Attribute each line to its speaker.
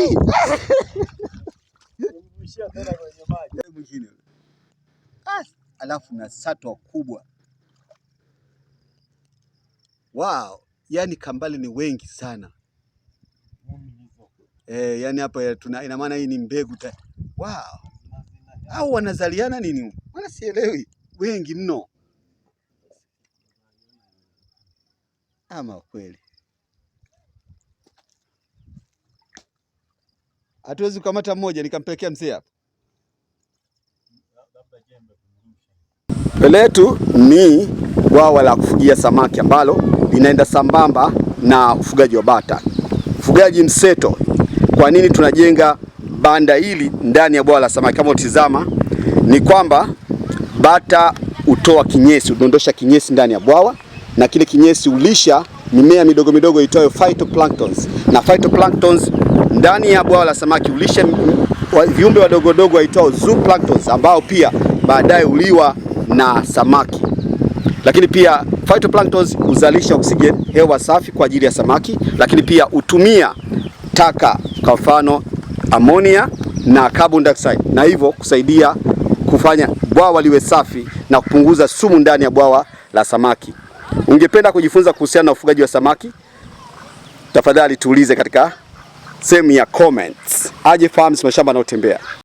Speaker 1: Alafu na satwa kubwa wao, yani kambale ni wengi sana eh, yani hapa tuna ina maana hii ni mbegu ta wow. au wanazaliana nini? Maana sielewi, wengi mno ama kweli. hatuwezi kukamata mmoja nikampelekea mzee hapa.
Speaker 2: Mbele yetu ni bwawa la kufugia samaki ambalo linaenda sambamba na ufugaji wa bata, ufugaji mseto. Kwa nini tunajenga banda hili ndani ya bwawa la samaki? Kama utizama ni kwamba bata hutoa kinyesi, hudondosha kinyesi ndani ya bwawa na kile kinyesi ulisha mimea midogo midogo itayo phytoplanktons, na phytoplanktons ndani ya bwawa la samaki ulisha viumbe wadogodogo waitao zooplanktons ambao pia baadaye uliwa na samaki. Lakini pia phytoplanktons huzalisha oxygen, hewa safi kwa ajili ya samaki, lakini pia hutumia taka kwa mfano amonia na carbon dioxide, na hivyo kusaidia kufanya bwawa liwe safi na kupunguza sumu ndani ya bwawa la samaki. Ungependa kujifunza kuhusiana na ufugaji wa samaki? Tafadhali tuulize katika sehemu ya comments. Aje Farms mashamba anayotembea.